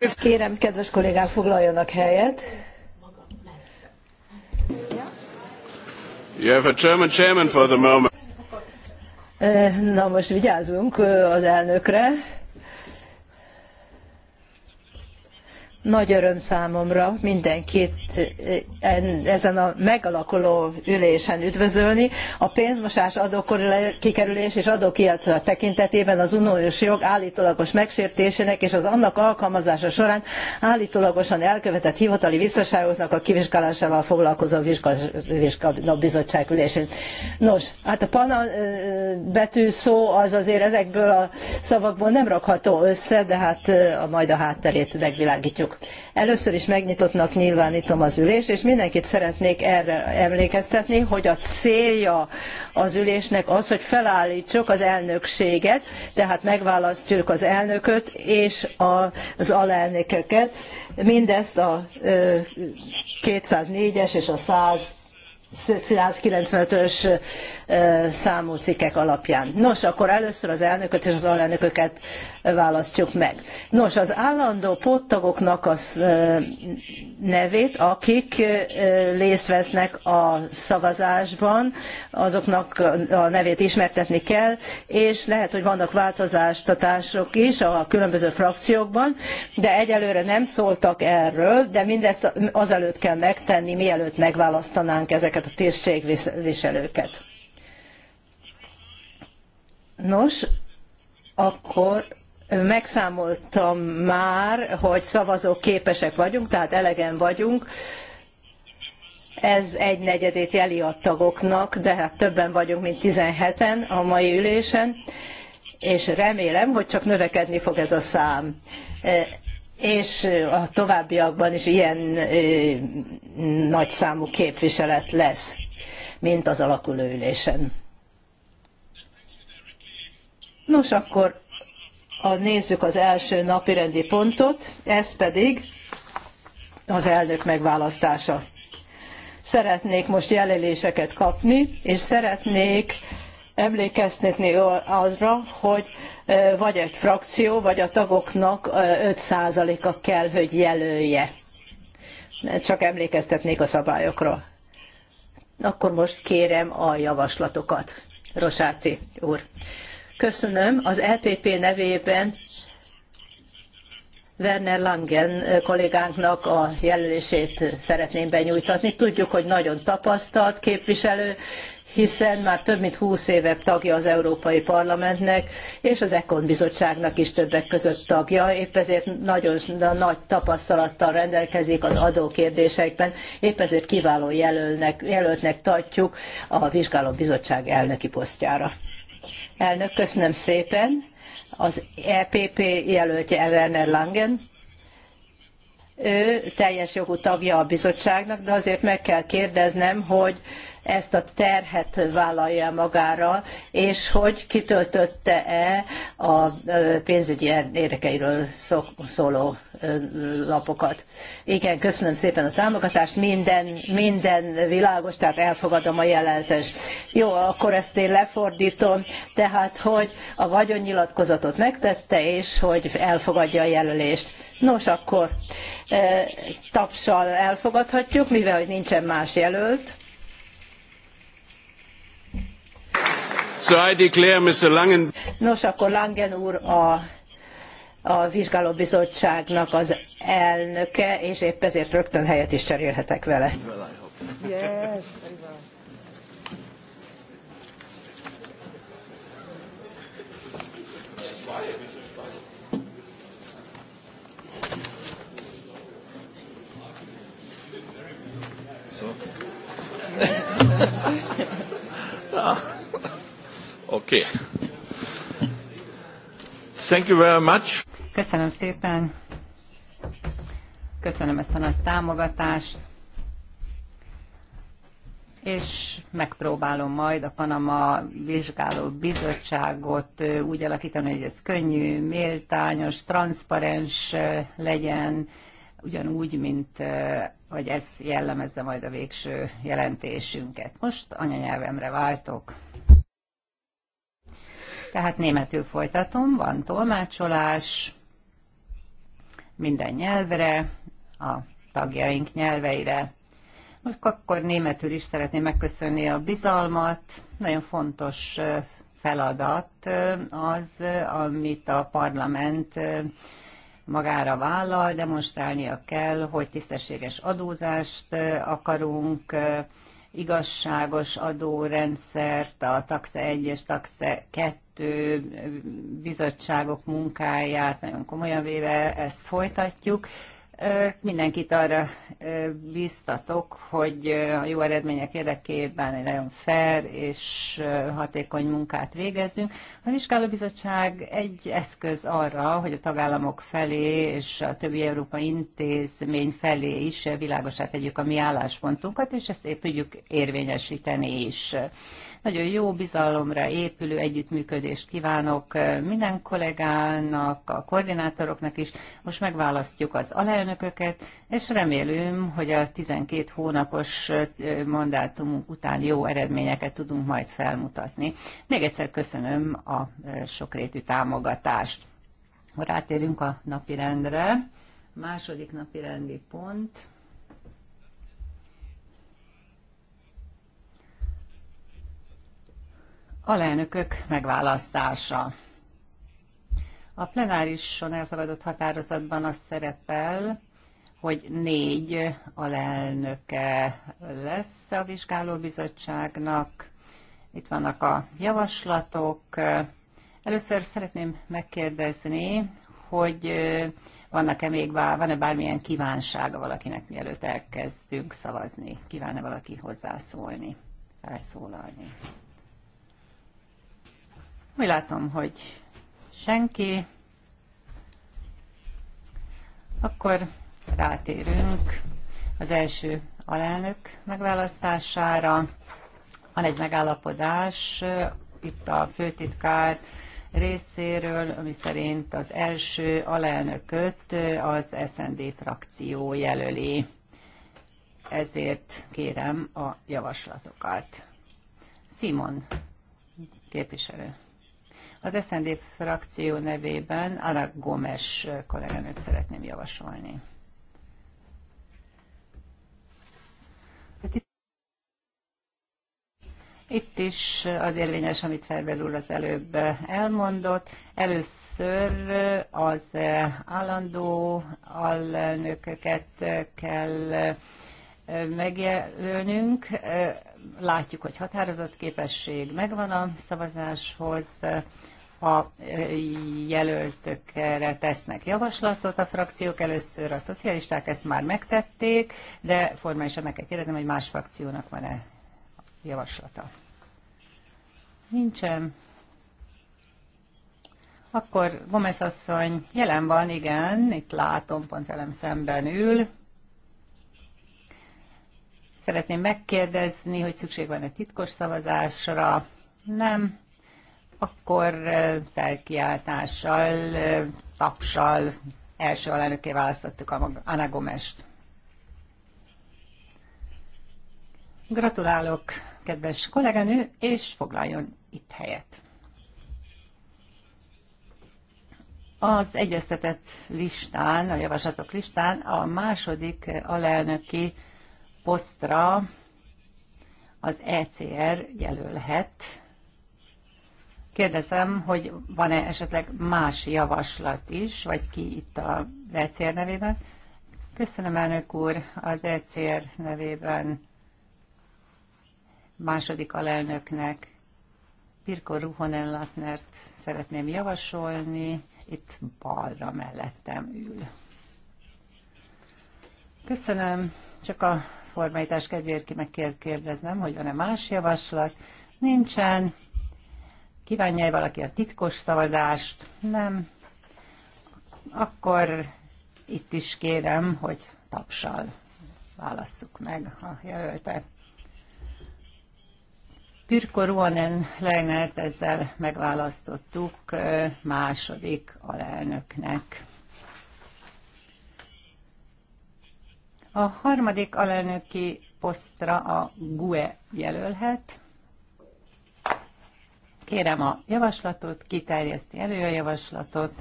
Hát kérem, kedves kollégák, foglaljanak helyet. You have a German chairman for the moment. Eh, na most vigyázzunk eh, az elnökre. Nagy öröm számomra mindenkit eh, ezen a megalakuló ülésen üdvözölni. A pénzmosás adókikerülés és adókiadás tekintetében az uniós jog állítólagos megsértésének és az annak alkalmazása során állítólagosan elkövetett hivatali visszaságoknak a kivizsgálásával foglalkozó vizsgálóbizottság ülésén. Nos, hát a pana eh, betű szó az azért ezekből a szavakból nem rakható össze, de hát eh, majd a hátterét megvilágítjuk elfogadjuk. Először is megnyitottnak nyilvánítom az ülés, és mindenkit szeretnék erre emlékeztetni, hogy a célja az ülésnek az, hogy felállítsuk az elnökséget, tehát megválasztjuk az elnököt és az alelnököket, mindezt a 204-es és a 100 195-ös számú cikkek alapján. Nos, akkor először az elnököt és az alelnököket választjuk meg. Nos, az állandó póttagoknak a nevét, akik részt vesznek a szavazásban, azoknak a nevét ismertetni kell, és lehet, hogy vannak változástatások is a különböző frakciókban, de egyelőre nem szóltak erről, de mindezt azelőtt kell megtenni, mielőtt megválasztanánk ezeket ezeket a tisztségviselőket. Nos, akkor megszámoltam már, hogy szavazók képesek vagyunk, tehát elegen vagyunk. Ez egy negyedét jeli a tagoknak, de hát többen vagyunk, mint 17-en a mai ülésen, és remélem, hogy csak növekedni fog ez a szám és a továbbiakban is ilyen nagy számú képviselet lesz, mint az alakuló ülésen. Nos, akkor a, nézzük az első napi rendi pontot, ez pedig az elnök megválasztása. Szeretnék most jelöléseket kapni, és szeretnék emlékeztetni arra, hogy vagy egy frakció, vagy a tagoknak 5%-a kell, hogy jelölje. Csak emlékeztetnék a szabályokra. Akkor most kérem a javaslatokat. Rosáti úr. Köszönöm. Az EPP nevében Werner Langen kollégánknak a jelölését szeretném benyújtatni. Tudjuk, hogy nagyon tapasztalt képviselő, hiszen már több mint 20 éve tagja az Európai Parlamentnek, és az Ekon Bizottságnak is többek között tagja, épp ezért nagyon nagy tapasztalattal rendelkezik az adókérdésekben, épp ezért kiváló jelölnek, jelöltnek tartjuk a Vizsgáló Bizottság elnöki posztjára. Elnök, köszönöm szépen. Az EPP jelöltje Werner Langen, ő teljes jogú tagja a bizottságnak, de azért meg kell kérdeznem, hogy ezt a terhet vállalja magára, és hogy kitöltötte-e a pénzügyi érdekeiről szóló lapokat. Igen, köszönöm szépen a támogatást, minden, minden világos, tehát elfogadom a jelentést. Jó, akkor ezt én lefordítom, tehát hogy a vagyonnyilatkozatot megtette, és hogy elfogadja a jelölést. Nos, akkor tapsal elfogadhatjuk, mivel hogy nincsen más jelölt. So I declare Mr. Langen... Nos, akkor Langen úr a a vizsgálóbizottságnak az elnöke, és épp ezért rögtön helyet is cserélhetek vele. Yes, Okay. Thank you very much. Köszönöm szépen. Köszönöm ezt a nagy támogatást. És megpróbálom majd a Panama Vizsgáló Bizottságot úgy alakítani, hogy ez könnyű, méltányos, transzparens legyen, ugyanúgy, mint hogy ez jellemezze majd a végső jelentésünket. Most anyanyelvemre váltok. Tehát németül folytatom, van tolmácsolás minden nyelvre, a tagjaink nyelveire. Most akkor németül is szeretném megköszönni a bizalmat. Nagyon fontos feladat az, amit a parlament magára vállal, demonstrálnia kell, hogy tisztességes adózást akarunk, igazságos adórendszert, a TAXE 1 és TAXE 2 bizottságok munkáját nagyon komolyan véve ezt folytatjuk, Mindenkit arra biztatok, hogy a jó eredmények érdekében egy nagyon fair és hatékony munkát végezzünk. A vizsgálóbizottság egy eszköz arra, hogy a tagállamok felé és a többi európai intézmény felé is világosá tegyük a mi álláspontunkat, és ezt tudjuk érvényesíteni is. Nagyon jó bizalomra épülő együttműködést kívánok eh, minden kollégának, a koordinátoroknak is. Most megválasztjuk az alelnököket, és remélem, hogy a 12 hónapos eh, mandátumunk után jó eredményeket tudunk majd felmutatni. Még egyszer köszönöm a eh, sokrétű támogatást. Rátérünk a napirendre. Második napi rendi pont. alelnökök megválasztása. A plenárison elfogadott határozatban az szerepel, hogy négy alelnöke lesz a vizsgálóbizottságnak. Itt vannak a javaslatok. Először szeretném megkérdezni, hogy vannak-e még bár, van-e bármilyen kívánsága valakinek, mielőtt elkezdünk szavazni? Kíván-e valaki hozzászólni, felszólalni? Úgy látom, hogy senki. Akkor rátérünk az első alelnök megválasztására. Van egy megállapodás eh, itt a főtitkár részéről, ami szerint az első alelnököt eh, az SND frakció jelöli. Ezért kérem a javaslatokat. Simon képviselő. Az SND frakció nevében Ana Gomes kolléganőt szeretném javasolni. Itt is az érvényes, amit Ferber úr az előbb elmondott. Először az állandó alelnököket kell megjelölnünk. Látjuk, hogy határozott képesség megvan a szavazáshoz, ha jelöltökre tesznek javaslatot a frakciók. Először a szocialisták ezt már megtették, de formálisan meg kell kérdezni, hogy más frakciónak van-e javaslata. Nincsen. Akkor Gomez asszony jelen van, igen, itt látom, pont velem szemben ül. Szeretném megkérdezni, hogy szükség van-e titkos szavazásra. Nem. Akkor felkiáltással, tapsal első alelnöké választottuk a Ana Gomest. Gratulálok, kedves kolléganő, és foglaljon itt helyet. Az egyeztetett listán, a javaslatok listán a második alelnöki posztra az ECR jelölhet. Kérdezem, hogy van-e esetleg más javaslat is, vagy ki itt az ECR nevében? Köszönöm, elnök úr, az ECR nevében második alelnöknek, Pirko Ruhonen Latnert szeretném javasolni, itt balra mellettem ül. Köszönöm, csak a formalitás kedvéért meg kér, kérdeznem, hogy van-e más javaslat. Nincsen. kívánja -e valaki a titkos szavazást? Nem. Akkor itt is kérem, hogy tapsal válasszuk meg a jelöltet. Pirko Ruonen Leinert ezzel megválasztottuk második alelnöknek. A harmadik alelnöki posztra a GUE jelölhet. Kérem a javaslatot, kiterjeszti elő a javaslatot.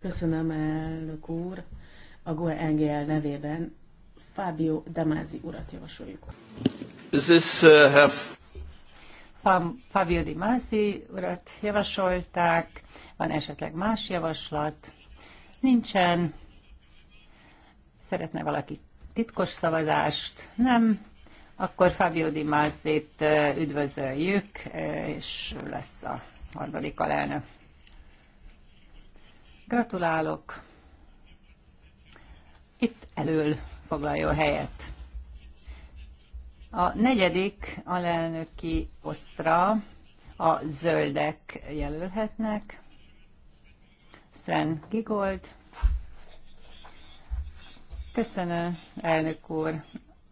Köszönöm, elnök úr. A GUE NGL nevében Fábio Damázi urat javasoljuk. Is this, uh, have... Fábio Damázi urat javasolták. Van esetleg más javaslat? Nincsen. Szeretne valaki titkos szavazást? Nem? Akkor Fabio Di Mazzét üdvözöljük, és ő lesz a harmadik alelnök. Gratulálok! Itt elől foglaljon helyet. A negyedik alelnöki osztra a zöldek jelölhetnek. Sven Gigold, Köszönöm, elnök úr.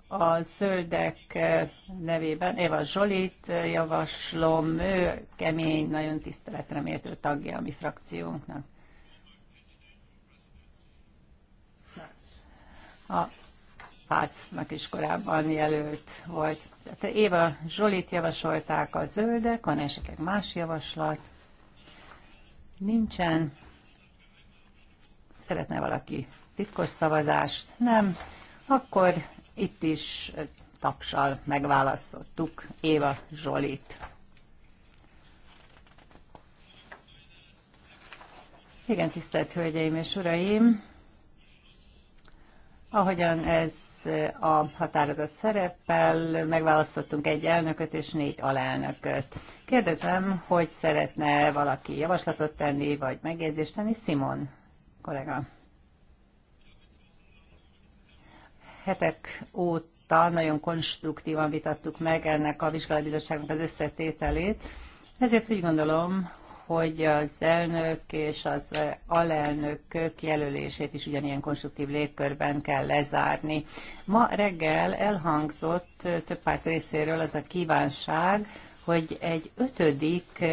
A zöldek eh, nevében Eva Zsolit eh, javaslom, ő kemény, nagyon tiszteletre méltő tagja a mi frakciónknak. A Pácnak is korábban jelölt volt. Tehát Éva Zsolit javasolták a zöldek, van esetleg más javaslat? Nincsen. Szeretne valaki titkos szavazást? Nem. Akkor itt is tapsal megválasztottuk Éva Zsolit. Igen, tisztelt Hölgyeim és Uraim! Ahogyan ez a határozat szerepel, megválasztottunk egy elnököt és négy alelnököt. Kérdezem, hogy szeretne valaki javaslatot tenni, vagy megjegyzést tenni? Simon kollega. hetek óta nagyon konstruktívan vitattuk meg ennek a vizsgálatbizottságnak az összetételét, ezért úgy gondolom, hogy az elnök és az alelnökök jelölését is ugyanilyen konstruktív légkörben kell lezárni. Ma reggel elhangzott több párt részéről az a kívánság, hogy egy ötödik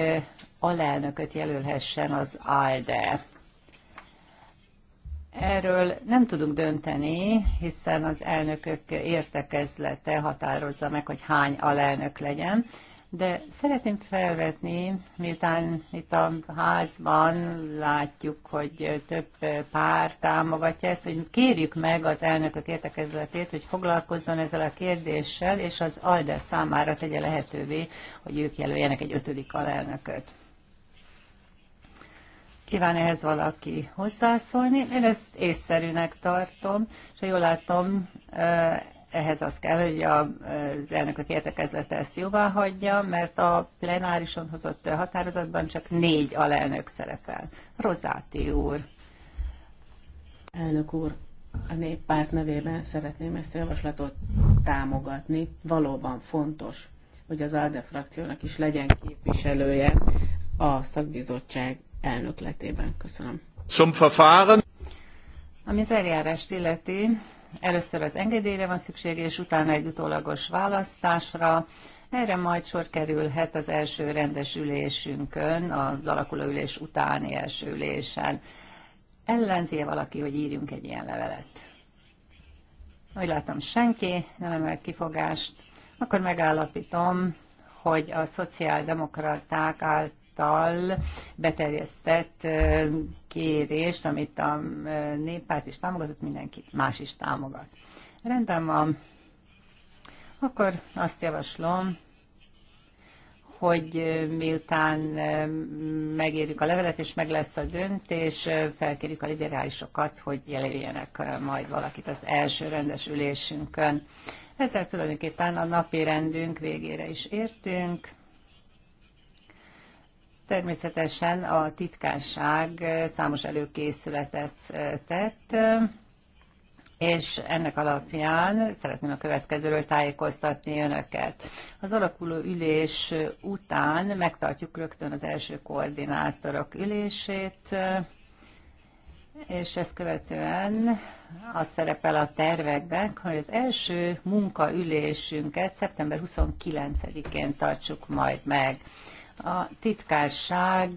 alelnököt jelölhessen az ALDE. Erről nem tudunk dönteni, hiszen az elnökök értekezlete határozza meg, hogy hány alelnök legyen. De szeretném felvetni, miután itt a házban látjuk, hogy több pár támogatja ezt, hogy kérjük meg az elnökök értekezletét, hogy foglalkozzon ezzel a kérdéssel, és az ALDE számára tegye lehetővé, hogy ők jelöljenek egy ötödik alelnököt. Kíván ehhez valaki hozzászólni? Én ezt észszerűnek tartom, és ha jól látom, ehhez az kell, hogy az elnökök értekezlete ezt jóvá hagyja, mert a plenárison hozott határozatban csak négy alelnök szerepel. Rozáti úr. Elnök úr, a néppárt nevében szeretném ezt a javaslatot támogatni. Valóban fontos, hogy az ALDE frakciónak is legyen képviselője a szakbizottság elnökletében. Köszönöm. Zum Verfahren. Ami az eljárást illeti, először az engedélyre van szükség, és utána egy utólagos választásra. Erre majd sor kerülhet az első rendes ülésünkön, az ülés utáni első ülésen. ellenzi -e valaki, hogy írjunk egy ilyen levelet? Ahogy látom, senki nem emel kifogást. Akkor megállapítom, hogy a szociáldemokraták által által beterjesztett kérést, amit a néppárt is támogatott, mindenki más is támogat. Rendben van. Akkor azt javaslom, hogy miután megérjük a levelet, és meg lesz a döntés, felkérjük a liberálisokat, hogy jelöljenek majd valakit az első rendes ülésünkön. Ezzel tulajdonképpen a napi rendünk végére is értünk. Természetesen a titkárság számos előkészületet eh, tett, és ennek alapján szeretném a következőről tájékoztatni önöket. Az alakuló ülés után megtartjuk rögtön az első koordinátorok ülését, és ezt követően az szerepel a tervekben, hogy az első munkaülésünket szeptember 29-én tartsuk majd meg. A titkárság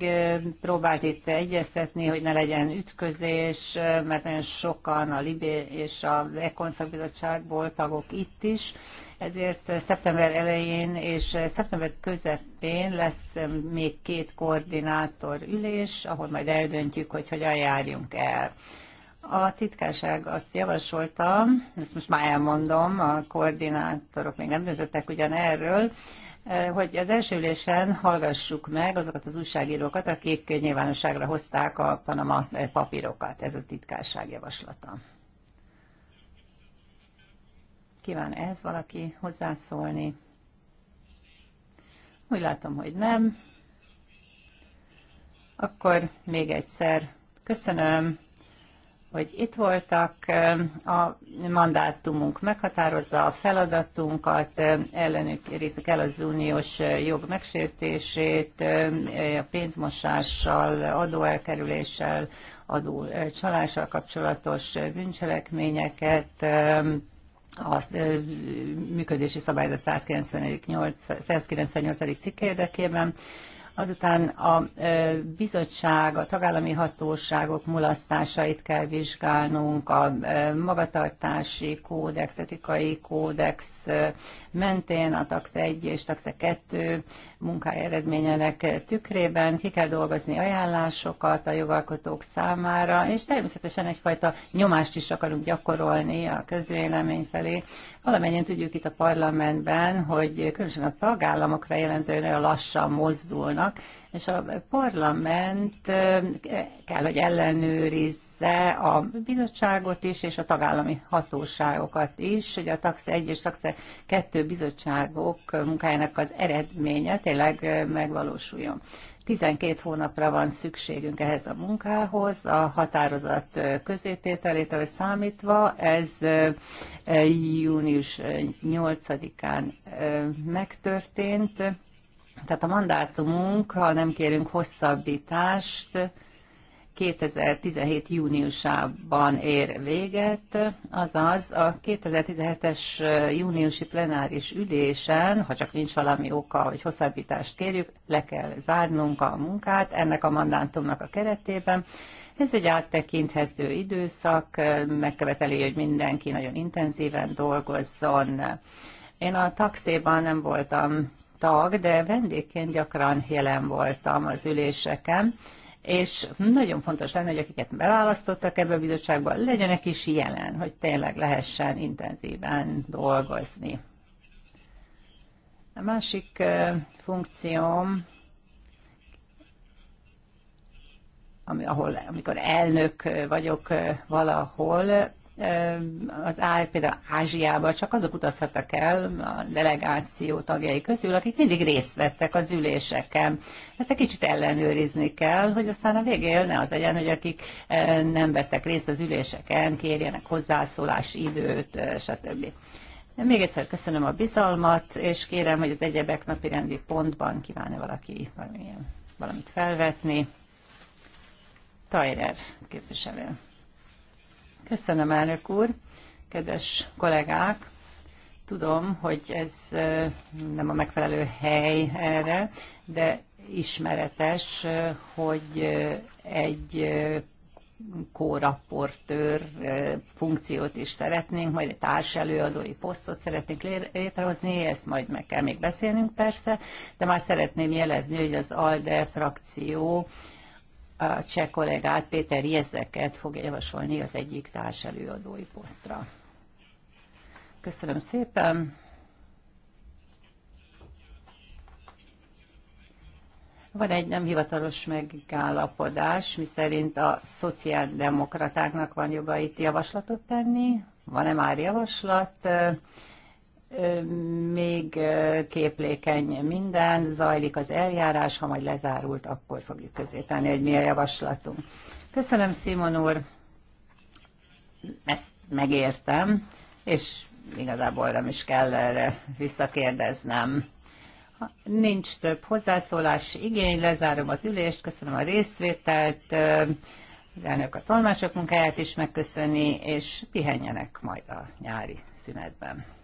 próbált itt egyeztetni, hogy ne legyen ütközés, mert nagyon sokan a Libé és a Ekonszakbizottságból tagok itt is, ezért szeptember elején és szeptember közepén lesz még két koordinátor ülés, ahol majd eldöntjük, hogy hogyan járjunk el. A titkárság azt javasolta, ezt most már elmondom, a koordinátorok még nem döntöttek ugyan erről, Eh, hogy az első ülésen hallgassuk meg azokat az újságírókat, akik nyilvánosságra hozták a Panama eh, papírokat. Ez a titkárság javaslata. Kíván ez valaki hozzászólni? Úgy látom, hogy nem. Akkor még egyszer köszönöm hogy itt voltak, a mandátumunk meghatározza a feladatunkat, ellenőrizzük el az uniós jog megsértését, a pénzmosással, adóelkerüléssel, csalással kapcsolatos bűncselekményeket, a működési szabályzat 198. 198. cikk érdekében, Azután a bizottság, a tagállami hatóságok mulasztásait kell vizsgálnunk, a magatartási kódex, etikai kódex mentén a TAX 1 és TAX 2 munkája eredményenek tükrében ki kell dolgozni ajánlásokat a jogalkotók számára, és természetesen egyfajta nyomást is akarunk gyakorolni a közvélemény felé. Valamennyien tudjuk itt a parlamentben, hogy különösen a tagállamokra jellemzően a lassan mozdulnak, vannak, és a parlament kell, hogy ellenőrizze a bizottságot is, és a tagállami hatóságokat is, hogy a TAX 1 és TAX 2 bizottságok munkájának az eredménye tényleg megvalósuljon. 12 hónapra van szükségünk ehhez a munkához, a határozat közétételétől számítva, ez június 8-án megtörtént. Tehát a mandátumunk, ha nem kérünk hosszabbítást, 2017. júniusában ér véget, azaz a 2017-es júniusi plenáris ülésen, ha csak nincs valami oka, hogy hosszabbítást kérjük, le kell zárnunk a munkát ennek a mandátumnak a keretében. Ez egy áttekinthető időszak, megköveteli, hogy mindenki nagyon intenzíven dolgozzon. Én a taxéban nem voltam tag, de vendégként gyakran jelen voltam az üléseken, és nagyon fontos lenne, hogy akiket beválasztottak ebbe a bizottságba, legyenek is jelen, hogy tényleg lehessen intenzíven dolgozni. A másik funkcióm, ami, ahol, amikor elnök vagyok valahol, az áll, például Ázsiába csak azok utazhattak el a delegáció tagjai közül, akik mindig részt vettek az üléseken. Ezt egy kicsit ellenőrizni kell, hogy aztán a végén ne az legyen, hogy akik eh, nem vettek részt az üléseken, kérjenek hozzászólás időt, eh, stb. Még egyszer köszönöm a bizalmat, és kérem, hogy az egyebek napi rendi pontban kívánja valaki valamilyen, valamit felvetni. Tajrer képviselő. Köszönöm, elnök úr. Kedves kollégák, tudom, hogy ez nem a megfelelő hely erre, de ismeretes, hogy egy kóraportőr funkciót is szeretnénk, majd egy társelőadói posztot szeretnénk létrehozni, ezt majd meg kell még beszélnünk persze, de már szeretném jelezni, hogy az ALDE frakció a cseh kollégát, Péter Jezeket fog javasolni az egyik társelőadói posztra. Köszönöm szépen! Van egy nem hivatalos megállapodás, miszerint a szociáldemokratáknak van joga itt javaslatot tenni. Van-e már javaslat? még képlékeny minden, zajlik az eljárás, ha majd lezárult, akkor fogjuk közéteni, hogy mi a javaslatunk. Köszönöm, Simon úr, ezt megértem, és igazából nem is kell erre visszakérdeznem. Ha nincs több hozzászólás, igény, lezárom az ülést, köszönöm a részvételt, az elnök a tolmácsok munkáját is megköszöni, és pihenjenek majd a nyári szünetben.